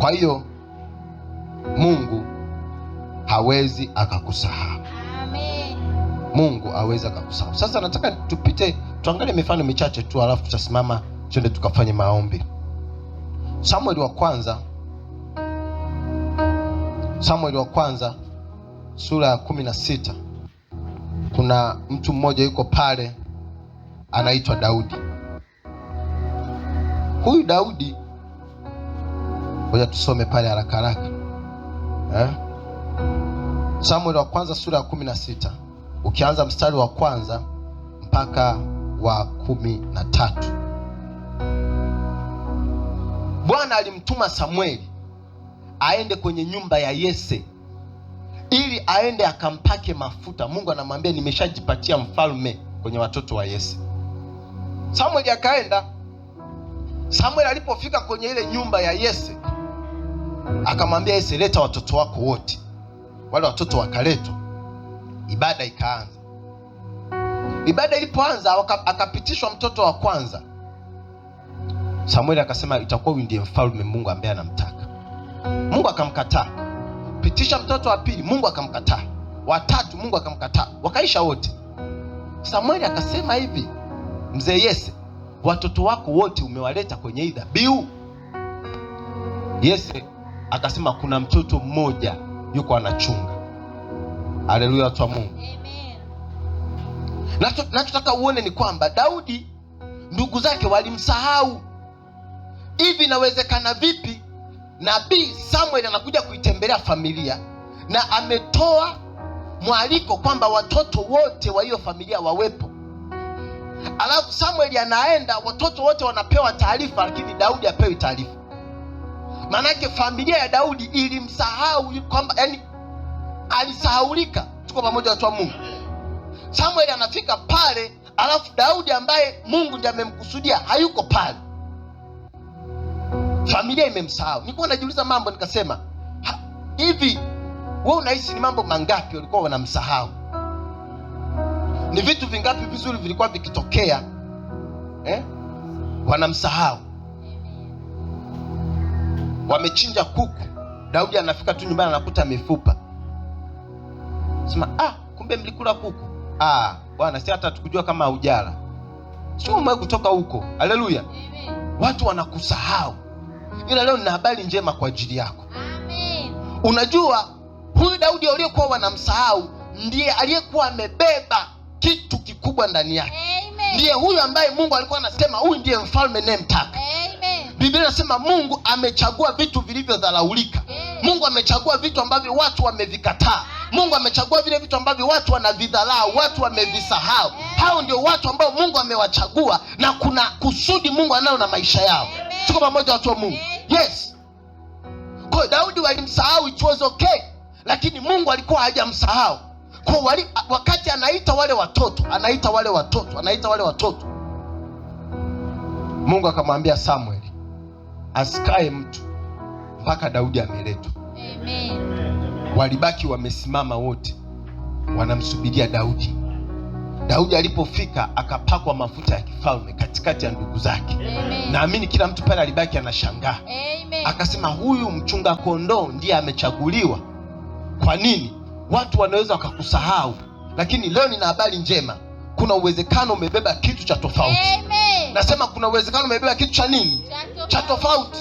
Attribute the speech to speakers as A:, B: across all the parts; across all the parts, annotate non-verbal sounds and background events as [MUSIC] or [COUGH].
A: Kwa hiyo Mungu hawezi akakusahau. Mungu hawezi akakusahau. Sasa nataka tupite tuangalie mifano michache tu, alafu tutasimama tuende tukafanye maombi. Samuel wa kwanza, Samuel wa kwanza sura ya kumi na sita kuna mtu mmoja yuko pale anaitwa Daudi. Huyu Daudi Ngoja tusome pale haraka haraka eh? Samueli wa kwanza sura ya kumi na sita ukianza mstari wa kwanza mpaka wa kumi na tatu. Bwana alimtuma Samueli aende kwenye nyumba ya Yese ili aende akampake mafuta. Mungu anamwambia nimeshajipatia mfalme kwenye watoto wa Yese. Samueli akaenda. Samueli alipofika kwenye ile nyumba ya Yese Akamwambia Yese, leta watoto wako wote. Wale watoto wakaletwa, ibada ikaanza. Ibada ilipoanza, akapitishwa mtoto wa kwanza. Samueli akasema itakuwa huyu ndiye mfalme Mungu ambaye anamtaka. Mungu akamkataa. Pitisha mtoto wa pili, Mungu akamkataa. Watatu Mungu akamkataa, wakaisha wote. Samueli akasema hivi, mzee Yese, watoto wako wote umewaleta kwenye hii dhabihu. Yese akasema kuna mtoto mmoja yuko anachunga. Haleluya, watu wa Mungu. Nachotaka uone ni kwamba Daudi ndugu zake walimsahau. Hivi inawezekana vipi nabii Samuel anakuja kuitembelea familia na ametoa mwaliko kwamba watoto wote wa hiyo familia wawepo, alafu Samueli anaenda, watoto wote wanapewa taarifa, lakini Daudi apewi taarifa. Maanake familia ya Daudi ilimsahau kwamba, yani alisahaulika. Tuko pamoja, watu wa Mungu. Samueli anafika pale, alafu Daudi ambaye Mungu ndiye amemkusudia hayuko pale, familia imemsahau. Nilikuwa najiuliza mambo nikasema, hivi wewe unahisi ni mambo mangapi walikuwa wanamsahau? Ni vitu vingapi vizuri vilikuwa vikitokea eh? Wanamsahau wamechinja kuku, Daudi anafika tu nyumbani anakuta mifupa. Sema ah, kumbe mlikula kuku. Ah, bwana, si hata tukujua kama ujala sio umewe kutoka huko. Haleluya! Watu wanakusahau, ila leo nina habari njema kwa ajili yako. Amen. Unajua huyu Daudi aliyekuwa wanamsahau ndiye aliyekuwa amebeba kitu kikubwa ndani yake, ndiye huyu ambaye Mungu alikuwa anasema huyu ndiye mfalme nayemtaka. Biblia inasema Mungu amechagua vitu vilivyodharaulika. Mm. Mungu amechagua vitu ambavyo watu wamevikataa. Mm. Mungu amechagua vile vitu ambavyo watu wanavidharaa watu wamevisahau. Mm. Hao ndio watu ambao Mungu amewachagua na kuna kusudi Mungu analo na maisha yao. Tuko pamoja, watu wa Mungu? Yes. kwao Daudi walimsahau, it was okay, lakini Mungu alikuwa hajamsahau. Kwa wali, wakati anaita wale watoto, anaita wale watoto, anaita wale watoto, Mungu akamwambia Samuel asikae mtu mpaka Daudi ameletwa. Amen. Walibaki wamesimama wote, wanamsubiria Daudi. Daudi alipofika akapakwa mafuta ya kifalme katikati ya ndugu zake. Naamini kila mtu pale alibaki anashangaa, akasema huyu mchunga kondoo ndiye amechaguliwa. Kwa nini? Watu wanaweza wakakusahau, lakini leo nina habari njema kuna uwezekano umebeba kitu cha tofauti. Amen. Nasema kuna uwezekano umebeba kitu cha nini? Cha tofauti.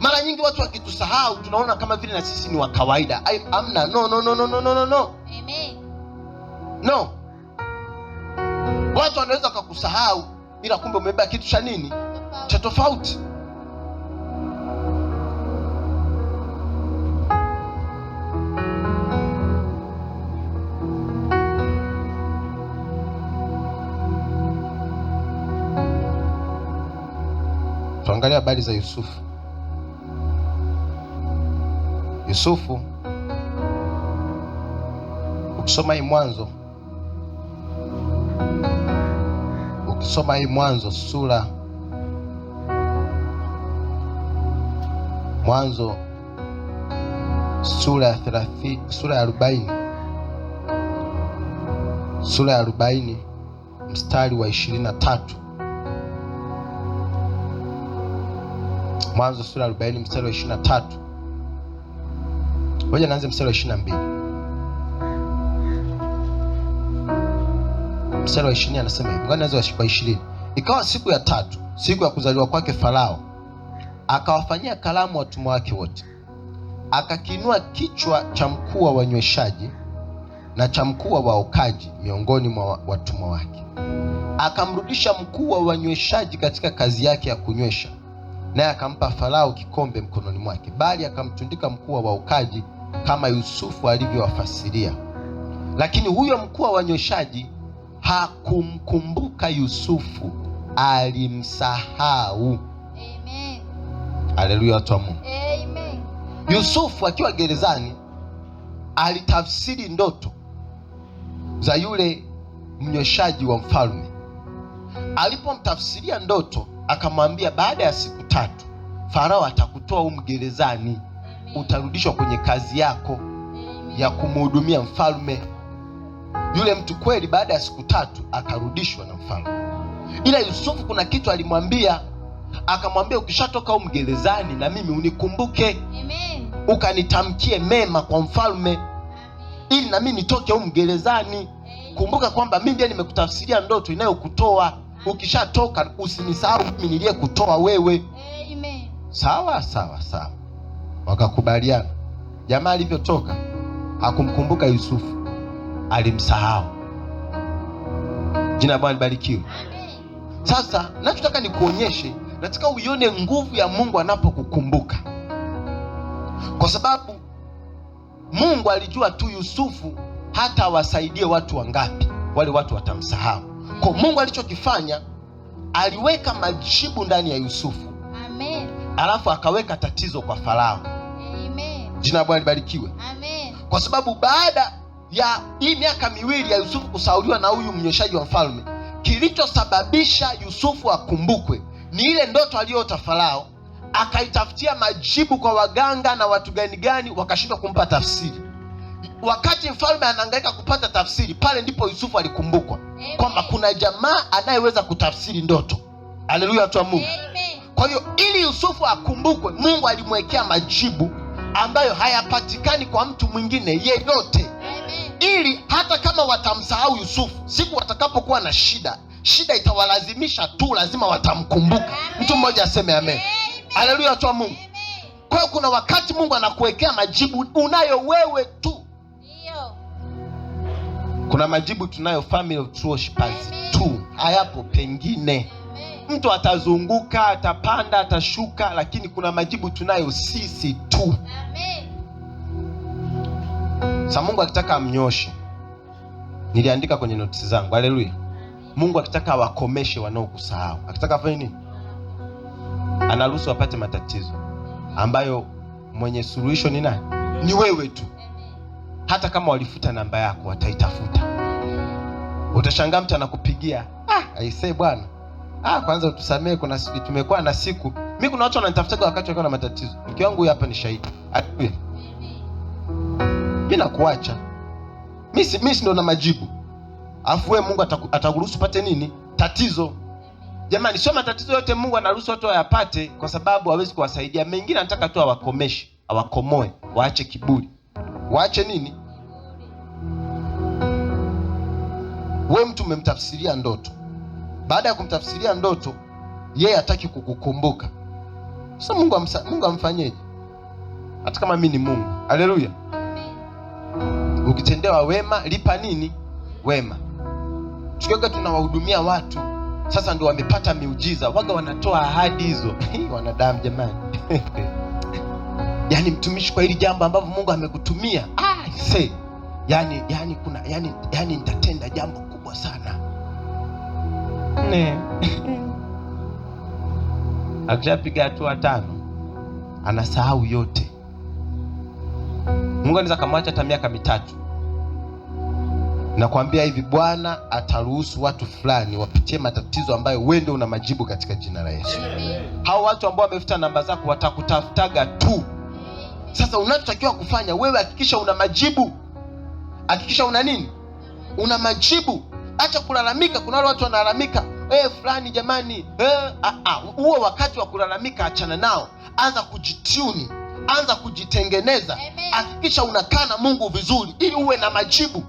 A: Mara nyingi watu wakitusahau tunaona kama vile na sisi ni wa kawaida. Amna, no no no no no no no. Amen. No. Watu wanaweza wakakusahau ila kumbe umebeba kitu cha nini? Cha tofauti. tuangalie habari za Yusufu. Yusufu ukisoma hii Mwanzo, ukisoma hii Mwanzo sura Mwanzo sura ya 30, sura ya 40 sura ya 40 mstari wa 23 Mwanzo sura 40 mstari wa 23. Ngoja naanze mstari wa 22. Mstari wa 20 anasema hivi. Ngoja naanze kwa 20. Ikawa siku ya tatu, siku ya kuzaliwa kwake Farao, akawafanyia karamu watumwa wake wote, akakinua kichwa cha mkuu wa wanyweshaji na cha mkuu wa waokaji miongoni mwa watumwa wake, akamrudisha mkuu wa wanyweshaji katika kazi yake ya kunywesha naye akampa Farao kikombe mkononi mwake, bali akamtundika mkuu wa waukaji kama Yusufu alivyowafasiria. Lakini huyo mkuu wa wanyoshaji hakumkumbuka Yusufu, alimsahau. Amen. Haleluya, watu wa Mungu. Amen. Yusufu akiwa gerezani alitafsiri ndoto za yule mnyoshaji wa mfalme. Alipomtafsiria ndoto akamwambia, baada ya siku tatu Farao atakutoa huko mgerezani utarudishwa kwenye kazi yako ya kumhudumia mfalme. Yule mtu kweli, baada ya siku tatu akarudishwa na mfalme, ila Yusufu kuna kitu alimwambia, akamwambia, ukishatoka huko mgerezani na mimi unikumbuke, ukanitamkie mema kwa mfalme, ili na mimi nitoke huko mgerezani Kumbuka kwamba mimi ndiye nimekutafsiria ndoto inayokutoa ukishatoka usinisahau mimi kutoa wewe. Amen. Sawa sawa sawa, wakakubaliana. Jamaa alivyotoka hakumkumbuka Yusufu, alimsahau. Jina Bwana libarikiwe. Sasa nachotaka nikuonyeshe, nataka uione nguvu ya Mungu anapokukumbuka, kwa sababu Mungu alijua tu Yusufu hata awasaidie watu wangapi, wale watu watamsahau. Kwa Mungu alichokifanya aliweka majibu ndani ya Yusufu. Amen. Alafu akaweka tatizo kwa Farao. Amen. Jina la Bwana libarikiwe. Amen. Kwa sababu baada ya hii miaka miwili ya Yusufu kusauliwa na huyu mnyoshaji wa mfalme, kilichosababisha Yusufu akumbukwe ni ile ndoto aliyoota Farao, akaitafutia majibu kwa waganga na watu gani gani, wakashindwa kumpa tafsiri wakati mfalme anaangaika kupata tafsiri, pale ndipo Yusufu alikumbukwa kwamba kuna jamaa anayeweza kutafsiri ndoto. Haleluya, watu wa Mungu. Kwa hiyo ili Yusufu akumbukwe, Mungu alimwekea majibu ambayo hayapatikani kwa mtu mwingine yeyote, ili hata kama watamsahau Yusufu, siku watakapokuwa na shida, shida itawalazimisha tu, lazima watamkumbuka. Mtu mmoja aseme amen. Haleluya, watu wa Mungu. Kwa hiyo kuna wakati Mungu anakuwekea majibu unayo wewe tu. Kuna majibu tunayo family of true worshipers tu, hayapo pengine. Mtu atazunguka, atapanda, atashuka, lakini kuna majibu tunayo sisi tu. Sa Mungu akitaka amnyoshe, niliandika kwenye notisi zangu. Haleluya! Mungu akitaka awakomeshe wanaokusahau, akitaka afanye nini? Anaruhusu wapate matatizo ambayo mwenye suluhisho ni nani? Ni wewe tu. Hata kama walifuta namba yako wataitafuta. Utashangaa mtu anakupigia, ah, aisee bwana, ah, kwanza utusamee, kuna siku tumekuwa na siku mimi, kuna watu wananitafuta wakati wakiwa na matatizo. Mke wangu huyu hapa ni shahidi, mimi nakuacha mimi, mimi ndo na majibu, alafu wewe Mungu atakuruhusu pate nini tatizo Jamani, sio matatizo yote Mungu anaruhusu watu wayapate, kwa sababu hawezi kuwasaidia. Mengine anataka tu awakomeshe, awakomoe, waache kiburi waache nini? We mtu umemtafsiria ndoto, baada ya kumtafsiria ndoto yeye hataki kukukumbuka. Sasa Mungu amsa, Mungu amfanyeje? Hata kama mimi ni Mungu, haleluya. Ukitendewa wema lipa nini? Wema. Tukiwaga tunawahudumia watu sasa, ndo wamepata miujiza, waga wanatoa ahadi hizo [LAUGHS] wanadamu jamani [LAUGHS] yani mtumishi, kwa hili jambo ambavyo Mungu amekutumia ah, yani, yani kuna yani, yani nitatenda jambo kubwa sana ne [LAUGHS] akishapiga hatua tano anasahau yote. Mungu anaweza kamwacha hata miaka mitatu. Nakwambia hivi, Bwana ataruhusu watu fulani wapitie matatizo ambayo wewe ndio una majibu katika jina la Yesu. Hao watu ambao wamefuta namba zako watakutafutaga tu. Sasa unachotakiwa kufanya wewe, hakikisha una majibu, hakikisha una nini, una majibu. Acha kulalamika. Kuna wale watu wanalalamika eh, fulani jamani, eh, ah, ah, wakati wa kulalamika achana nao, anza kujituni, anza kujitengeneza. Hakikisha unakaa na Mungu vizuri, ili uwe na majibu.